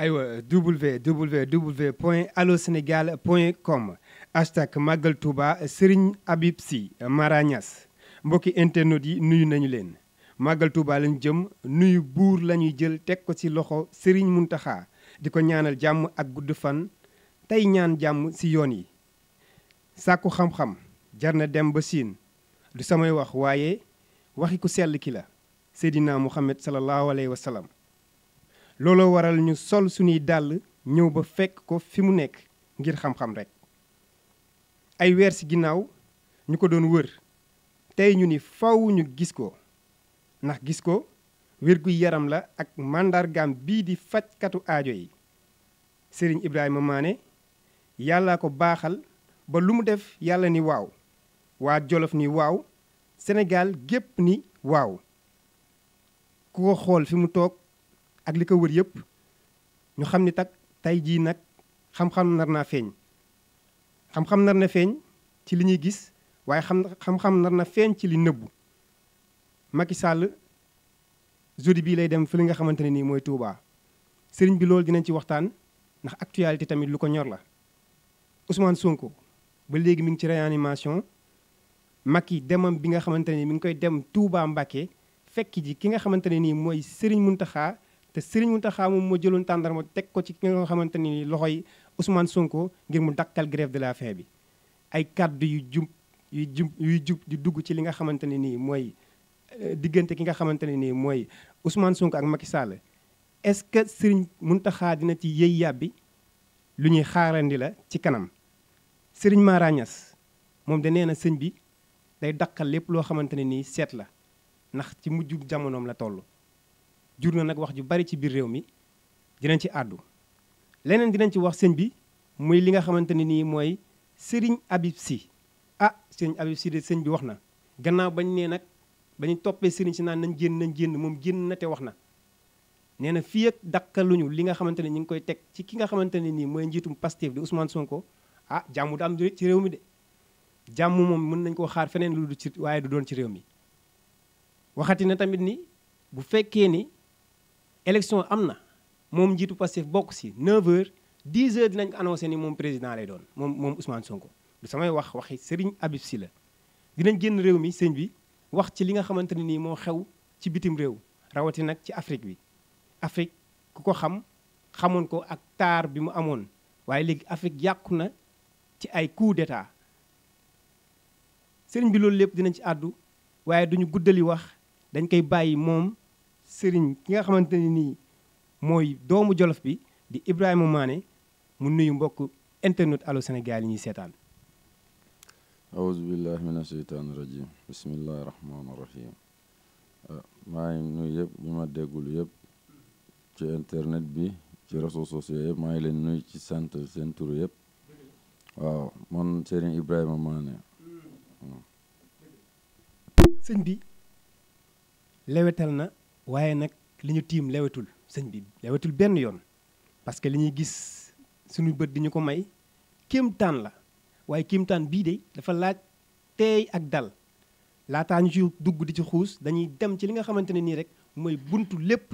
aywa www point allo sénégal point com hashtag màggal Touba Serigne Habib Sy Mara Niass mbokki internet yi nuyu nañu leen màggal Touba lañu jëm nuyu buur lañuy jël teg ko ci loxo Serigne Mountakha di ko ñaanal jàmm ak gudd fan tey ñaan jàmm ci yoon yi sàkku xam-xam jar na dem ba siin du samay wax waaye waxi ku sell ki la Seydina Muhammad sallallahu alayhi wa looloo waral ñu sol suñuy dàll ñëw ba fekk ko fi mu nekk ngir xam-xam rek ay weer ci ginnaaw ñu ko doon wër tey ñu ni faw ñu gis ko ndax gis ko wérgu yaram la ak màndargaam bii di fajkatu aajo yi sëriñ Ibrahima Mané yàlla ko baaxal ba lu mu def yàlla ni waaw waa Jolof ni waaw Sénégal gépp ni waaw ku ko xool fi mu toog ak li ko wër yépp ñu xam ni tak tey jii nag xam-xam nar naa feeñ xam-xam nar na feeñ ci li ñuy gis waaye xam xam-xam nar na feeñ ci li nëbbu Macky sàll jeudi bii lay dem fi li nga xamante ne nii mooy Touba sëriñ bi loolu dinañ ci waxtaan ndax actualité tamit lu ko ñor la Ousmane Sonko ba léegi mi ngi ci réanimation Macky demam bi nga xamante ne nii mi ngi koy dem Touba Mbacké fekk ji ki nga xamante ne nii mooy sëriñ Mountakha te Serigne Mountakha moom moo jëloon tàndarma teg ko ci ki nga xamante ni loxoy Ousmane Sonko ngir mu dakkal grève de la faim bi. ay kàddu yu jub yu jub yu jub di dugg ci li nga xamante ne nii mooy euh, diggante ki nga xamante ne nii mooy Ousmane Sonko ak Macky Sall est-ce que Serigne Mountakha dina ci yëy yàbbi lu ñuy xaarandi la ci kanam Serigne Mara Niass moom da nee na sëñ bi day daqal lépp loo xamante ne nii seet la ndax ci mujjub jamonoom la toll. jur na nag wax ju bari ci biir réew mi dinañ ci àddu leneen dinañ ci wax sëñ bi muy li nga xamante ne nii mooy sëriñ Habib si a ah, sëriñ Habib Sy de sëñ bi wax na gannaaw bañ nee nag bañu toppee sëriñ si naan nañ génn nañ génn moom génn na te wax na nee na fii ak dakkaluñu li nga xamante ne ñu ngi koy teg ci ki nga xamante ne nii mooy njiitum Pastef di Ousmane Sonko ah jàmm du am ci réew mi de jàmm moom mën nañ koo xaar feneen lu du ci waaye du doon ci réew mi élection am na moom njiitu Pastef bokk si 9h 10h dinañ ko annoncé ni moom président lay doon moom moom Ousmane ko du samay wax waxi sëriñ Habib Sy la dinañ génn réew mi sëñ bi wax ci li nga xamante ne nii moo xew ci bitim réew rawati nag ci Afrique bi Afrique ku ko xam xamoon ko ak taar bi mu amoon waaye léegi Afrique yàqu na ci ay coup d'état sëriñ bi loolu lépp dinañ ci àddu waaye duñu guddali wax dañ koy bàyyi moom sëriñ ki nga xamante ne nii mooy doomu jolof bi di Ibrahima Mané mu nuyu mbokk internet Allô Sénégal yi ñuy seetaan awuzu billahi min asheytaani rajim bismillahi rahmaani rahim ah, maa ngi nuyu yëpp ñu ma yëpp ci internet bi ci réseaux sociaux yëpp maa ngi leen nuyu ci sant seen tur yëpp waaw man Serigne Ibrahima Mané hmm. sëñ bi lewetal na waaye nag li ñu tiim lewetul sëñ bi lewetul benn yoon parce que li ñuy gis suñu bët di ñu ko may kéemtaan la waaye kéemtaan bii de dafa laaj teey ak dal laataa ñu ci dugg di ci xuus dañuy dem ci li nga xamante ne nii rek mooy buntu lépp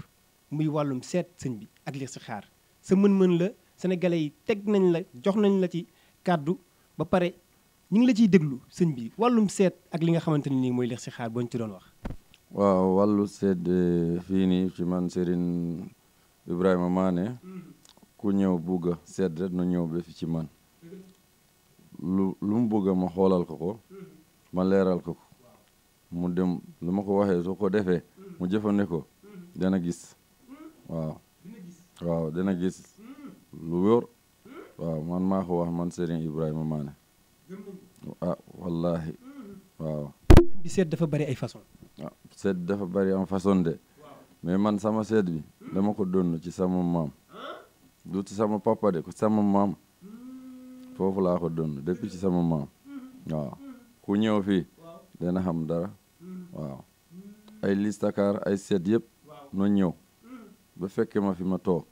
muy wàllum seet sëñ bi ak li si xaar sa mën-mën la senegale yi teg nañ la jox nañ la ci kàddu ba pare ñu ngi la ciy déglu sëñ bi wàllum seet ak li nga xamante ne nii mooy li si xaar boo ci doon wax waaw wallu sedd eh, fii nii ci serin Serigne Ibrahima Mané ku ñëw bugg sedd rek na ñëw ba fi ci man lu lu mu ma xoolal ko ko ma leeral ko ko mu dem lu ma ko waxee soo ko defee mu jëfandikoo dana gis waaw waaw dana gis lu wóor waaw man maa wax man Serigne Ibrahima Mané ah wallaahi waaw. dafa bari ay façon. ah seet dafa bari am façon de mais man sama seet bi dama ko donn ci sama maam du ci sama papa de ko sama maam foofu laa ko donn de ci sama maam waaw ku ñëw fii dana xam dara waaw ay listakaar ay seet yëpp no ñëw ba fekke ma fi ma toog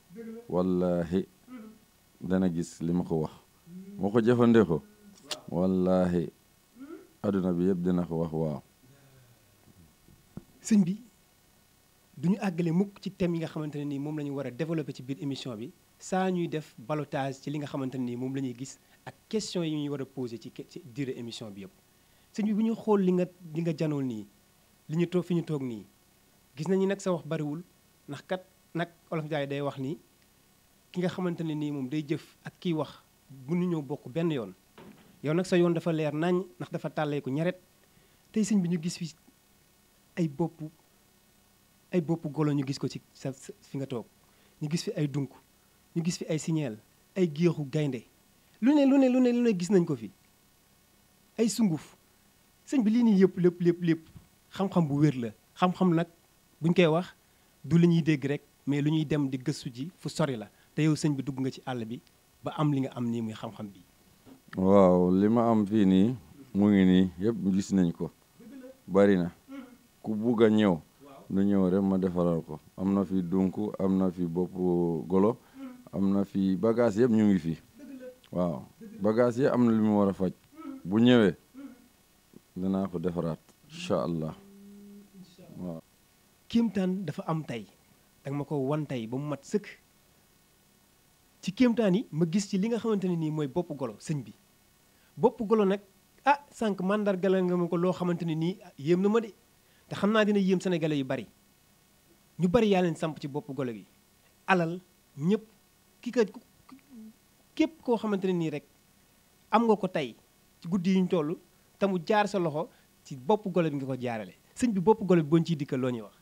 wallahi dana gis li ma ko wax moo ko jëfandikoo wallahi aduna bi yëpp dina ko wax waaw sëñ bi duñu ñu àggale mukk ci thème yi nga xamante ne nii moom la ñu war a ci biir émission bi saa ñuy def ballottage ci li nga xamante ne nii moom la ñuy gis ak question yi ñuy war a posé ci ci durée émission bi yëpp sëñ bi bu ñu xool li nga li nga janool nii li ñu toog fi ñu toog nii gis nañu nag sa wax bariwul ndax kat nag olof jaay day wax nii ki nga xamante ne nii moom day jëf ak kiy wax bu ñu ñëw bokk benn yoon yow nag sa yoon dafa leer nañ ndax dafa tàllee ko ñaret tey sëñ bi ñu gis fi ay bopp ay bopp golo ñu gis ko ci sa fi nga toog ñu gis fi ay dunk ñu gis fi ay signal ay géexu gaynde lu ne lu ne lu ne lu ne gis nañ ko fi ay sunguf sëñ bi lii nii yëpp lépp lépp lépp xam-xam bu wér la xam-xam nag buñ koy wax du li ñuy dégg rek mais lu ñuy dem di gëstu ji fu sori la te yow sëñ bi dugg nga ci àll bi ba am li nga am nii muy xam-xam bi waaw li ma am fii nii mu ngi nii yëpp gis nañ ko bari na ku bugg a ñëw nu ñëw rek ma defaral ko am na fi dunk am na fi bopp golo am na fi bagage yëpp ñu ngi fii waaw bagage yi am na lu mu war a faj bu ñëwee danaa ko defaraat incha allah waaw. dafa am tey danga ma ko wan tey ba mu mat sëkk ci kéemtaan yi ma gis ci li nga xamante ne nii mooy bopp golo sëñ bi bopp golo nag ah sànq mandargale nga ma ko loo xamante nii ah, yéem na ma de. te xam naa dina yéem sénégalais yu bari ñu bari yaa leen samp ci bopp golo gi alal ñépp ki ka képp koo xamante ne nii rek am nga ko tey ci guddi yi ñu toll te mu jaar sa loxo ci bopp golo bi nga ko jaarale sëñ bi bopp golo bi boo ciy dikkal loo ñuy wax.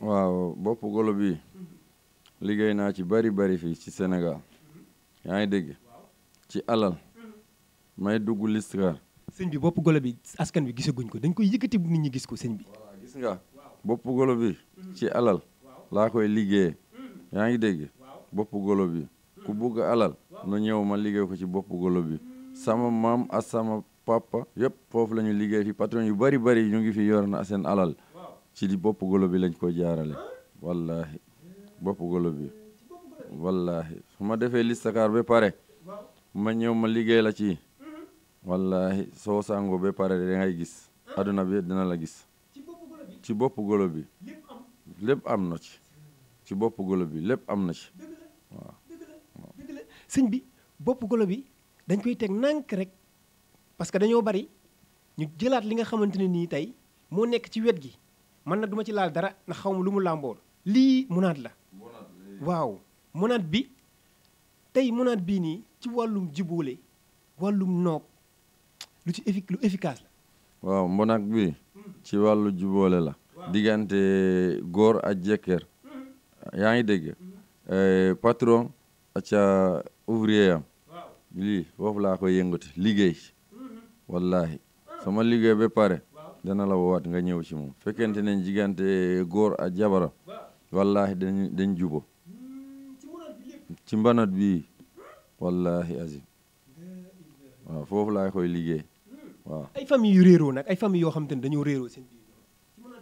waaw bopp golo bi liggéey naa ci bari bari fii ci Sénégal yaa ngi dégg ci alal mm-hmm. may dugg Listra sëñ bi bopp golo bi askan bi gisaguñ ko dañ koy yëkkati nit ñi gis ko sëñ bi. gis nga bopp golo bi ci alal laa koy liggéeyee yaa ngi dégg bopp golo bi ku bugg alal nu ñëw ma liggéey ko ci bopp golo bi sama maam ak sama papa yëpp foofu la liggéey fi yu bari bari ñu ngi fi yor na seen alal ci di bopp golo bi lañ ko jaarale wallahi bopp golo bi wallahi su ma defee listakaar ba pare ma ñëw ma liggéey la ci wallahi soo sàngoo ba pare da ngay gis adduna bi dina la gis ci boppu golo bi lépp am na ci ci bopp golo bi lépp am na ci waaw bi boppu golo bi dañ koy teg nànk rek parce que dañoo bari ñu jëlaat li nga xamante ne nii tey moo nekk ci wet gi mën na duma ci laal dara ndax xaw ma lu mu làmbool lii munaat la waaw munaat bi tey munaat bii nii ci wàllum jiboole wàllum noog lu ci waaw mbonaak bi ci wàllu juboole la. diggante góor ak jëkkër. Mm-hmm. yaa ngi dégg mm-hmm. eh, patron acca ouvrier am. lii foofu laa koy yëngati liggéey mm-hmm. wallahi ah. sama liggéey ba pare dana la woowaat nga ñëw ci moom fekkente ne jigante góor ak jabaram wallahi dañ jubo mm, ci mbanat bi wallahi azim waaw foofu laa koy liggéey waaw ay famille yu réeroo nag ay famille yoo xam te ne dañoo réeroo seen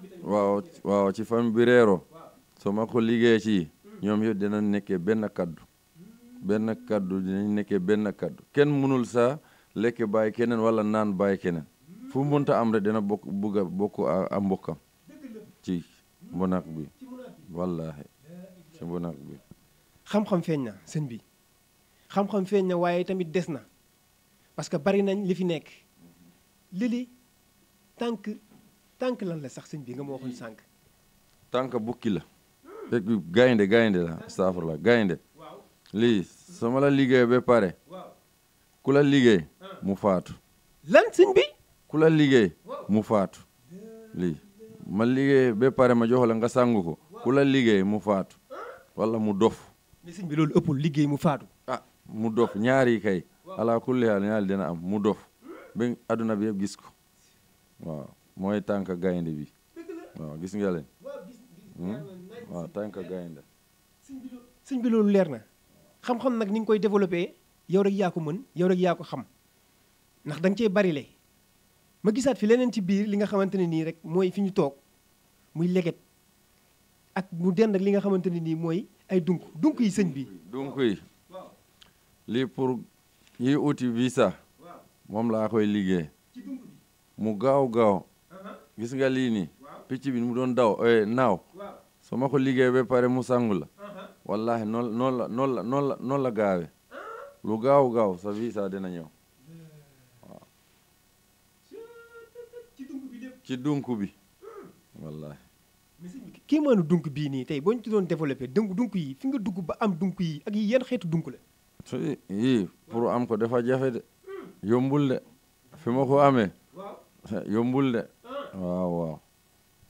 biir waaw waaw ci famille bi réeroo soo ma ko liggéey ci ñoom yëpp dinañ nekkee benn kàddu benn kàddu dinañ nekkee benn kàddu kenn mënul sa lekk bàyyi keneen wala naan bàyyi keneen fu mu mënta am rek dina bokk bugg a bokk a mbokkam ci mbonaak bi wallaahi ci mbonaak bi xam-xam feeñ na seen bi xam-xam feeñ na waaye tamit des na parce que bari nañ li fi nekk lili tànk lan la sax sëñ bi nga ma waxoon sànq. tànk bukki la. gaynde gaynde la astafurlah gaynde lii ma la liggéey ba pare ku la liggéey ah. mu faatu. lan la liggéey mu faatu lii ma liggéey ba pare ma jox la nga sangu ko ku la liggéey mu faatu ah. wala mu dof. mais sëñ bi loolu ëppul liggéey mu faatu. Ah, mu dof ñaari kay. ala kulli haal ñaari dina am mu dof. ba adduna bi yëpp gis ko waaw mooy tànk gaynde bi waaw gis nga leen hmm? tànk gaynde sëñ bi loolu leer na xam-xam nag ni koy développé yow rek yaa ko mën yow rek yaa ko xam ndax da nga cee bari le ma gisaat fi leneen ci biir li nga xamante ne nii rek mooy fi ñu toog muy leget ak mu dend li nga xamante ne nii mooy ay dunk dunk yi sëñ bi dunk yi lii pour yi uti visa moom laa koy liggéey mu gaaw gaaw uh-huh. gis nga lii nii picc bi mu doon daw eh, naaw soo ma ko liggéey ba pare mu sangu la uh-huh. wallahi noonu noonu la noonu gaawe uh-huh. lu gaaw gaaw sa visa dina ñëw ci dunk bi hmm. wallahi kii maanu dunk bii nii tey boo ñu ci doon développé dunk dunk yi fi nga dugg ba am dunk yi ak yi yan xeetu dunk la yii pour am ko dafa jafe de yombul de fi ma ko amee yombul de ah. waaw waaw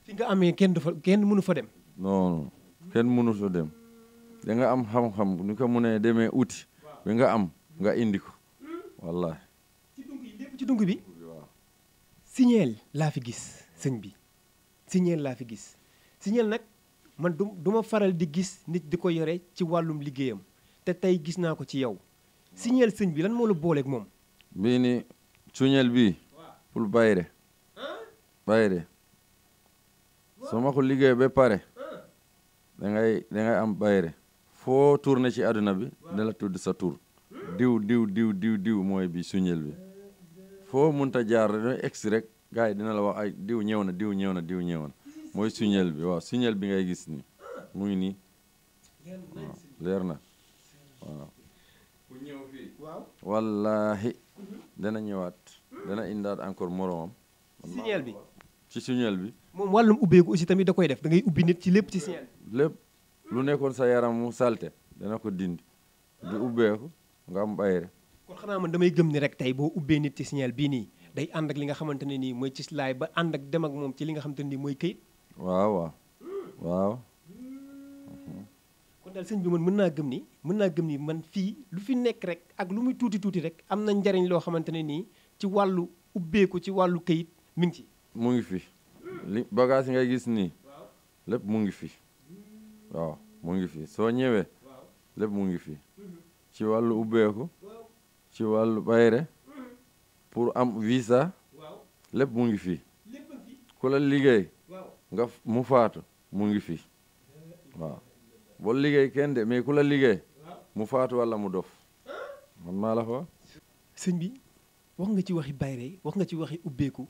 fi nga amee kenn du fa kenn mënu fa dem non non kenn mënu fa dem danga am xam-xam ni ko mu demee uti bi nga am nga indi ko hmm. wallahi ci dung bi signeel laa fi gis sëñ bi signeel laa fi gis signeel nag man du du faral di gis nit di ko yore ci wàllum liggéeyam te tey gis naa ko ci yow signeel sëñ bi lan moo la booleeg moom bii ni cuñel bii bayre bayre soo ma ko liggéey ba pare dangay dangay am bayre foo tourné ci àdduna bi da la tudd sa tur hmm? diw diw diw diw diw mooy bi suñel bi foo munta jaar rek ex rek gars yi dina la wax ay diw ñëw na diw ñëw na diw ñëw mooy suñel bi wa suñel bi ngay gis ni mu ngi nii waaw leer na waaw dana ñëwaat dana indaat encore moromam. ci signal bi ci signal bi. moom wàllum ubbeeku aussi tamit da koy def dangay ubbi nit ci lépp ci signal bi. lépp lu nekkoon sa yaram mu salte dana ko dindi du ubbeeku nga am bayre kon xanaa man damay gëm ni rek tey boo ubbee nit ci signal bii nii day ànd ak li nga xamante ne nii mooy ci laay ba ànd ak dem ak moom ci li nga xamante ne nii mooy këyit. waaw waaw kon daal sëñ bi man mën naa gëm ni. mën naa gëm ni man fii lu fi nekk rek ak lu muy tuuti tuuti rek am na njariñ loo xamante ne nii ci wàllu ubbeeku ci wàllu këyit mi ngi ci. mu ngi fi li bagage yi ngay gis nii lépp mu ngi fi waaw ngi fi soo ñëwee lépp ngi fi mhm. ci wàllu ubbeeku ci wàllu bayre mhm. pour am visa lépp mu ngi fi ku la liggéey nga mu faatu mu ngi fi waaw boo liggéey kenn de mais ku la liggéey mu faatu walla mu dof man maa la fa sëñ bi wax nga ci waxi bayre wax nga ci waxi ubbeeku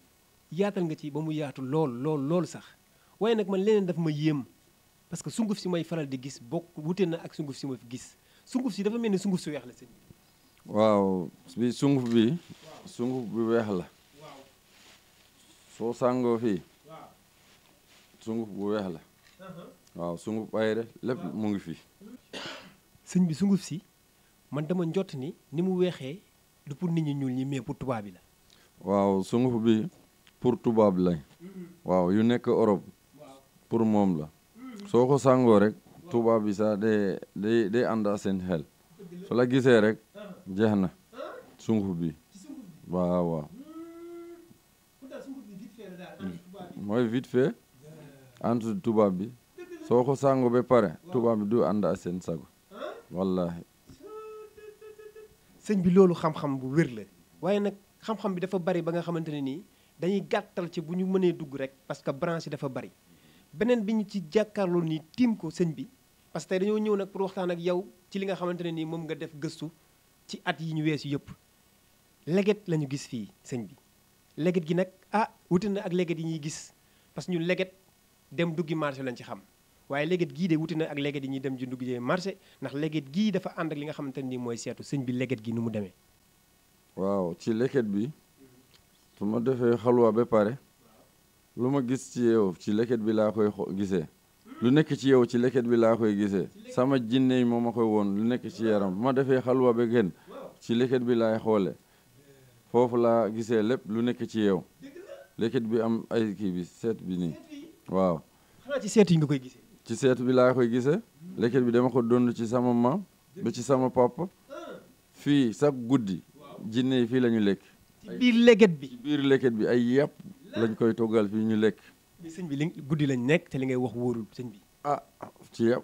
yaatal nga ci ba mu yaatu lool lool lool sax waaye nag man leneen daf ma yéem parce que sunguf si may faral di gis bokk wute na ak sunguf si ma gis sunguf si dafa mel ni sunguf si weex la sëñ waaw bi sunguf bi sunguf bi weex la soo sàngoo fii sunguf bu weex la waaw sunguf bayre lépp mu ngi fii sëñ bi sunguf si man dama njott ni ni mu weexee du pour nit ñi ñuul ñi mais pour tubaab bi la. waaw sunguf bi pour tubaab lay waaw yu nekk Europe pour moom la soo ko sangoo rek tubaab bi sax day day day ànd seen xel su gisee rek jeex na sunguf bi waaw mooy vite fait entre bi soo ko sàngoo ba pare tubaab bi du ànd ak seen sago. wallaahi. sëñ bi loolu xam-xam bu wér la waaye nag xam-xam bi dafa bari ba nga xamante ne nii dañuy gàttal ci bu ñu mënee dugg rek parce que branche yi dafa bari beneen bi ñu ci jàkkaarloo nii tiim ko sëñ bi parce que dañoo ñëw nag pour waxtaan ak yow ci li nga xamante ne nii moom nga def gëstu ci at yi ñu weesu yëpp leget lañu gis fii sëñ bi leget gi nag ah wute na ak leget yi ñuy gis parce que ñun leget dem duggi marché lañ ci xam waaye léget gii de wuti na ak léget yi ñuy dem jënd gu jee marché ndax léget gii dafa ànd ak li nga xamante ne nii mooy seetu sëñ bi léget gi nu mu demee waaw ci léget bi su ma defee xalwa ba pare lu ma gis ci yow bi laa koy gisee lu nekk ci yow ci léget bi laa koy gisee sama jinne yi ma koy woon lu nekk ci yaram bu ma defee xalwa ba gën ci léget bi laay xoole foofu laa gisee lépp lu nekk ci yow léget bi am ay kii bi seet bi nii waaw yi nga koy gisee ci seetu bi laa koy gisee leket bi dama ko dund ci sama maam ba ci sama papa fii sax guddi jinne yi fii lañu lekk. ci biir leket bi ci biir bi ay yàpp lañ koy toggal fii ñu lekk. sëñ bi guddi lañ nekk te li ngay wax wóorul sëñ bi. ah ci yàpp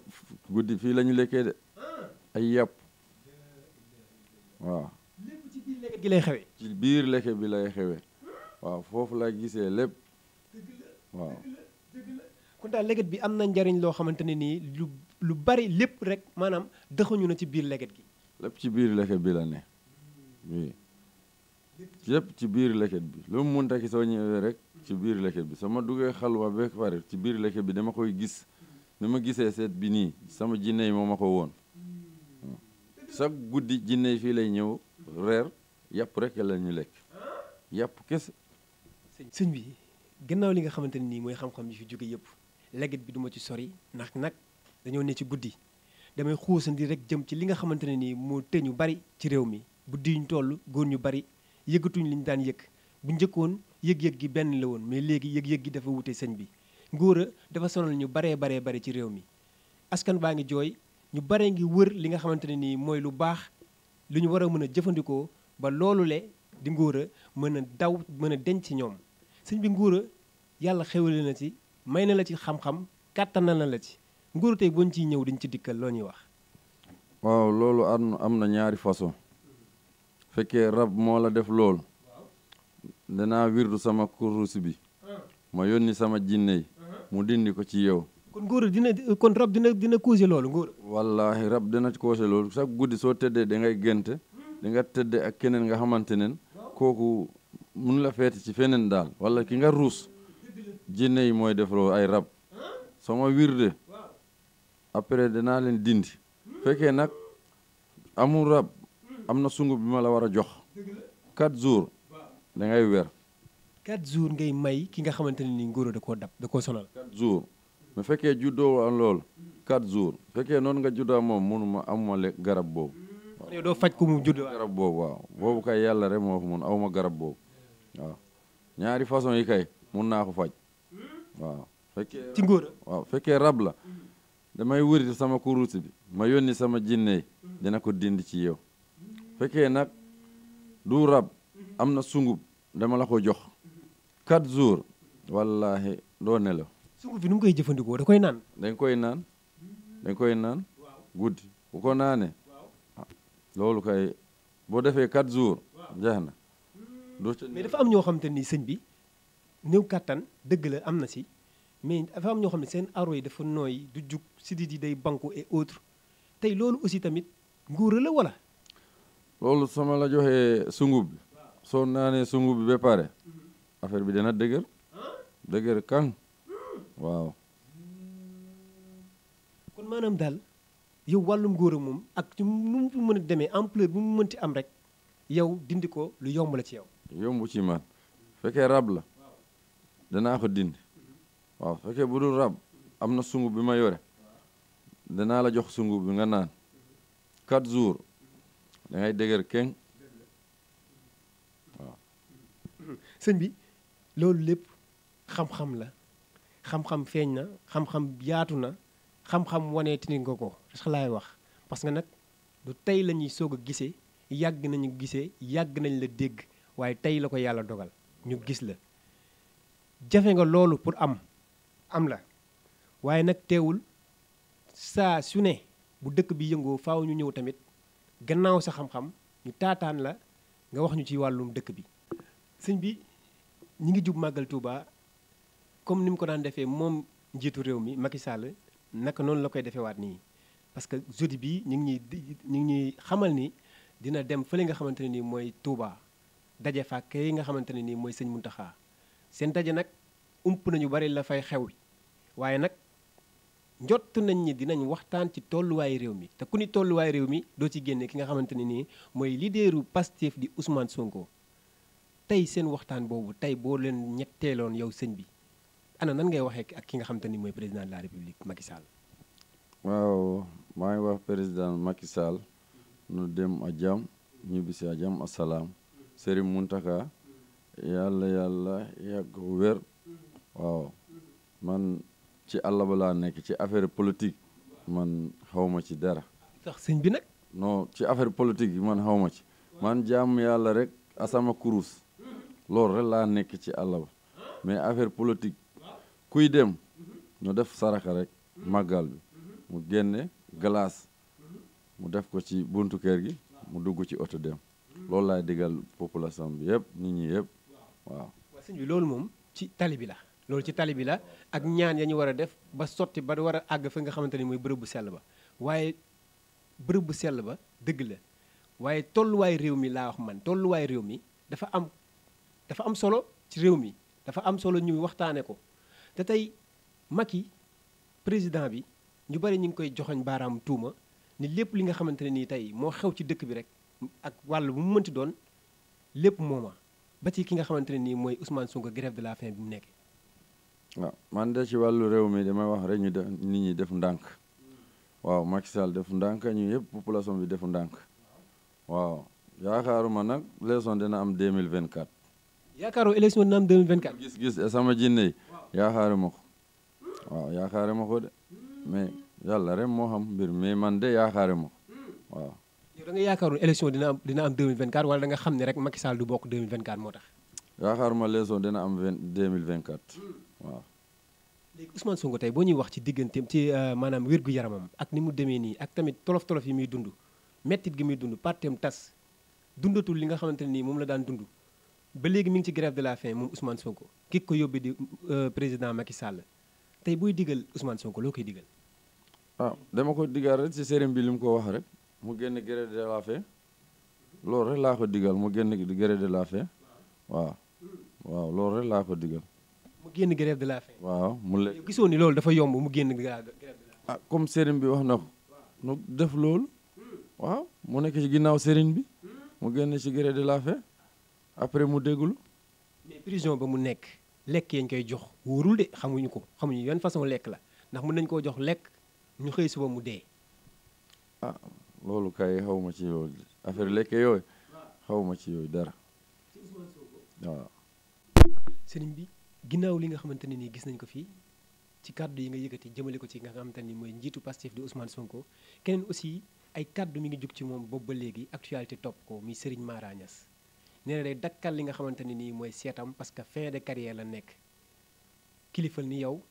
guddi fii lañu ñu lekkee de ay yàpp waaw. bi lay xewee waaw foofu laa gisee lépp waaw. kon daal leget bi am na njariñ loo xamante ne nii lu lu bari lépp rek maanaam dëxuñu na ci biir leget gi lépp ci biir leget bi la ne oui ci biir leket bi lu mu munta ki soo ñëwee rek ci biir leket bi sama duggee xalwa ba pare ci biir leket bi dama koy gis ni ma gisee seet bi nii sama jinne yi moo ma ko woon chaque guddi jinne yi fii lay ñëw reer yàpp rek la ñu lekk yàpp kese sëñ bi gannaaw li nga xamante ne nii mooy xam-xam yi fi jóge yëpp leget bi duma ci sori ndax nag dañoo ne ci guddi damay xuusandi rek jëm ci li nga xamante ne nii moo ñu bari ci réew mi guddi ñu toll góor ñu bari yëggatuñ li daan yëg bu njëkkoon yëg-yëg gi benn la woon mais léegi yëg-yëg gi dafa wute sëñ bi ngóor a dafa sonal ñu baree baree bari ci réew mi askan baa ngi jooy ñu baree ngi wër li nga xamante ne nii mooy lu baax lu ñu war a mën a jëfandikoo ba loolu le di ngóor a mën a daw mën a denc ci ñoom sëñ bi ngóor a yàlla xewale na ci may na la ci xam-xam kàttanal na la ci nguuru tey buñ ciy ñëw dañ ci dikkal loo ñuy wax. waaw loolu am na ñaari façon fekkee rab moo la def loolu danaa wirdu sama kuruus bi ma yónni sama jinne yi mu dindi ko ci yow. kon nguur dina kon rab dina dina causé loolu nguur. wallaahi rab dina causé loolu sax guddi soo tëddee da ngay gént da nga tëddee ak keneen nga xamante ne kooku mun la feete ci feneen daal wala ki nga ruus. jinne yi mooy defloo ay rab sama wirde après danaa leen dindi fekkee nag amul rab am na sungub bi ma la war a jox quatre jours da ngay weer quatre jours ngay may ki nga xamante ne ni ngóoro da koo dab da koo sonal quatre jours fekkee juddoo lool quatre jours fekkee noonu nga juddoo moom mënuma amuma lekk garab boobu yow doo faj mu juddoo garab boobu waaw boobu yàlla rek moo ko mun awma garab boobu waaw ñaari façon yi kay mun naa ko faj waaw fekkee ci fekkee rab la damay wëriti sama kurus bi ma yónni sama jinne dina ko dindi ci yow fekkee nag du rab am na sungub dama la ko jox quatre jours wallahi doo nelaw sungub bi nu koy jëfandikoo da koy naan dañ koy naan dañ koy naan guddi bu ko naanee ah, loolu kay boo defee quatre jours jeex na mais dafa am ñoo xamante ni sëñ bi néew kàttan dëgg la am na si mais dafa am ñoo xam ne seen aro yi dafa nooy du jug sidit yi day banku et autres tey loolu aussi tamit nguur la wala. loolu sama la joxee sungub bi soo naanee sungu bi ba pare affaire bi dana dëgër dëgër kan waaw. kon maanaam daal yow wàllum góor moom ak nu mu mën a demee ampleur bu mu mënti am rek yow dindi ko lu yomb la ci yow. yomb ci man fekkee rab la. danaa ko dindi waaw fekkee bu dul rab am na sungu bi ma yore danaa la jox sungu bi nga naan quatre jours da ngay dëgër keng waaw sëñ bi loolu lépp xam-xam la xam-xam feeñ na xam-xam yaatu na xam-xam waneeti ni nga ko sax laay wax parce que nag du tey la ñuy soog a gise yàgg nañu gise yàgg nañ la dégg waaye tey la ko yàlla dogal ñu gis la jafe nga loolu pour am am la waaye nag teewul saa su ne bu dëkk bi yëngoo faw ñu ñëw tamit gannaaw sa xam-xam ñu taataan la nga wax ñu ci wàllum dëkk bi sëñ bi ñu ngi jub màggal Touba comme ni mu ko daan defee moom njiitu réew mi Macky Sall naka noonu la koy defee nii parce que jeudi bi ñu ngi ñuy ñu ngi ñuy xamal ni dina dem fële nga xamante ne nii mooy Touba daje fa kay nga xamante ne nii mooy sëñ Mountakha seen daje nag ump nañu bari la fay xew waaye nag njott nañ ñi dinañ waxtaan ci tolluwaay réew mi te ku ni tolluwaay réew mi doo ci génne ki nga xamante ni nii mooy leaderu Pastef di Ousmane Sonko tey seen waxtaan boobu tey boo leen ñetteeloon yow sëñ bi ana nan ngay waxee ak ki nga xamante ni mooy président la république Macky Sall. waaw maa ngi wax président Macky Sall nu dem a jàmm ñibbisi a jàmm asalaam Serigne Mountakha. yàlla yàlla yàgg wér waaw man ci àll ba laa nekk ci affaire politique man xawma ci dara sax sëñ bi nag non ci affaire politique yi man xawma ci man jaamu yàlla rek asama kurus loolu rek laa nekk ci àll ba mais affaire politique kuy dem ñu def saraka rek màggal bi mu génne glace mu def ko ci buntu kër gi mu dugg ci oto dem loolu laay digal population bi yëpp nit ñi yëpp waaw waaw sëñ bi loolu moom ci tali bi la loolu ci tali bi la ak ñaan yaa ñu war a def ba sotti ba war a àgg fi nga xamante ni mooy bërëb bu sell ba waaye bërëb bu sell ba dëgg la waaye tolluwaay réew mi laa wax man tolluwaay réew mi dafa am dafa am solo ci réew mi dafa am solo ñu waxtaane ko te tey Macky président bi ñu bari ñu ngi koy joxoñ baaraamu tuuma ni lépp li nga xamante ne nii tey moo xew ci dëkk bi rek ak wàll bu mu mënti doon lépp mooma ba ki nga xamante ne nii mooy Ousmane Sonko grève de la faim bi mu nekk. waaw man de ci wàllu réew mi damay wax rek ñu def nit ñi def ndànk waaw Macky Sall def ndànk ñu yëpp population bi def ndànk waaw yaakaaruma nag élection dina am 2024. yaakaaroo élection dina am 2024. gis-gis eh, sama jinne yaakaaruma ko waaw yaakaaruma ko de mais yàlla rek moo xam mbir mais man de yaakaaruma ko waaw. da nga yaakaaroon élection dina am dina am 2024 wala da nga xam ne rek Macky Sall du bokk 2024 moo tax. yaakaaruma l'élection dina am vingt hmm. léegi Ousmane Sonko tey boo ñuy wax ci digganteem ci euh, maanaam wér gu yaramam ak ni mu demee nii ak tamit tolof tolof yi muy dund mettit gi muy dund partem tas dundatul li nga xamante ne nii moom la daan dund ba léegi mu ngi ci grève de la faim moom Ousmane Sonko ki ko yóbbee di euh, président Macky Sall tey booy digal usman Sonko loo koy digal. waaw ah, dama ko digal rek ci bi li mu ko wax rek. mu génn gré de la fée loolu rek laa ko digal mu génn gré de la fée waaw waaw loolu rek laa ko digal. mu génn grève de la faim. waaw mu le gisoo ni loolu dafa yomb mu génn grève de la faim. Ah, comme sëriñ bi wax na ko. def loolu. waaw mu nekk ginnaaw sëriñ bi. mu génn ci grève de la après mu déglu. mais prison ba mu nekk lekk yañ koy jox wóorul de xamuñu ko xamuñu yan façon lekk la ndax mun nañ koo jox lekk ñu xëy suba mu dee. Ah. loolu kay xaw ma ci loolu affaire lekk yooyu xaw ma ci yooyu dara waaw. bi ginnaaw li nga xamante ne nii gis nañ ko fii ci kàddu yi nga yëkkati jëmale ko ci nga xamante ni mooy njiitu Pastef di Ousmane Sonko keneen aussi ay kàddu mi ngi jug ci moom boobu ba léegi actualité topp ko muy Serigne Mara Niass nee dakkal li nga xamante ne nii mooy seetam parce que fin de carrière la nekk kilifal ni yow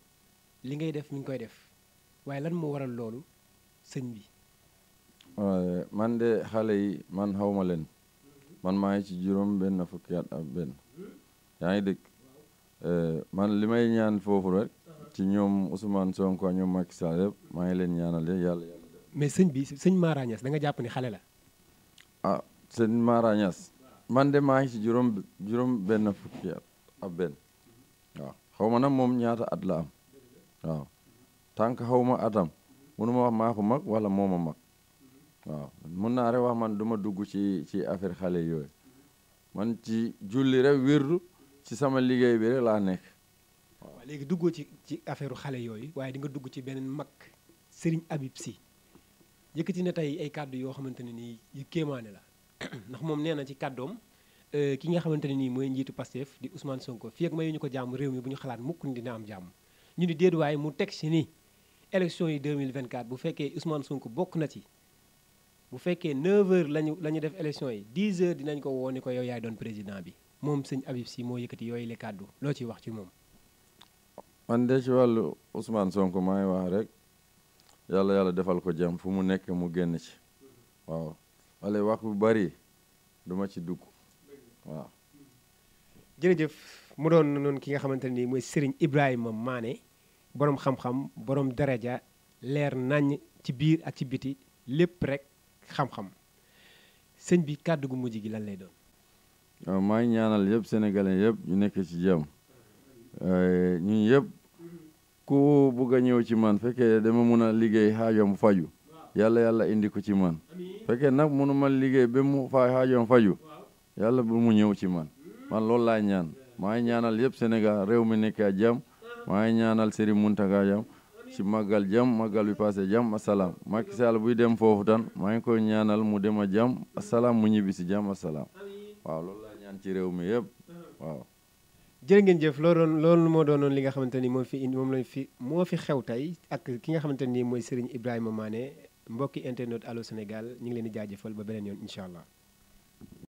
li ngay def mi ngi koy def waaye lan moo waral loolu sëñ bi. man de xale yi man xawma leen man maa ngi ci juróom benn fukki at ak benn yaa ngi dégg eh, man li may ñaan foofu rek ci ñoom Ousmane Sonko ñoom Macky Sall yëpp maa ngi leen ñaanal yàlla yàlla mais sëñ bi sëñ Mara Niass da nga jàpp ni xale la a ah, sëñ Mara man de maa ngi ci juróom juróom benn fukki benn waaw xaw ma nag moom ñaata at la am waaw tànk xaw ma atam mënuma wax maa mag wala mooma mag waaw mun naa rek wax man du ma dugg ci ci affaire xale yooyu man ci julli rek wirdu ci sama liggéey bi rek laa nekk. waaw léegi duggoo ci ci affaire xale yooyu waaye di nga dugg ci beneen mag Serigne Habib si yëkkati na tey ay kàddu yoo xamante ne nii yu kéemaane la ndax moom nee na ci kàddoom euh, ki nga xamante ne nii mooy njiitu Pastef di Ousmane Sonko fii ak mayu ñu ko jàmm réew mi bu ñu xalaat mukk ni dina am jàmm ñu di déedéet waaye mu teg si ni élection yi 2024 bu fekkee Ousmane Sonko bokk na ci. bu fekkee 9h lañu la ñu def élection yi 10h dinañ ko woo ni ko yow yaay doon président bi moom sëñ Habib Sy moo yëkkati yooyu le kàddu loo ciy wax ci moom. man de ci wàllu Ousmane Sonko maa ngi wax rek yàlla yàlla defal ko jàmm fu mu nekk mu génn ci waaw wala wax bu bari duma ci dugg waaw. jërëjëf mu doon noonu ki nga xamante ne nii mooy Serigne Ibrahima Mané boroom xam-xam borom daraja leer naññ ci biir ak ci biti lépp rek. xam-xam sëñ bi kàddu gu mujj gi lan lay doon. waaw ñaanal yëpp sénégalais yëpp ñu nekkee ci jàmm ñun yëpp ku bugg a ñëw ci man fekkee dama mun a liggéey xaajoom faju yàlla yàlla indi ko ci man fekkee nag munu liggéey ba mu fa xaajoom faju yàlla bu mu ñëw ci man man loolu laa ñaan maa ñaanal yëpp senegal réew mi nekk a jàmm maa ngi ñaanal Serigne Mountaga jàmm ci màggal jàmm màggal bi passé jàmm asalaam Macky buy dem foofu tan maa ngi koy ñaanal mu dem a jàmm asalaam mu ñibbisi si jàmm waaw loolu laa ñaan ci réew mi yëpp waaw. jërë ngeen jëf loolu loolu moo doonoon li nga xamante ni moom fi indi moom lañ fi moo fi xew tey ak ki nga xamante ni mooy Serigne Ibrahima Mané mbokki internet Allô Sénégal ñu ngi leen di jaajëfal ba beneen yoon incha allah.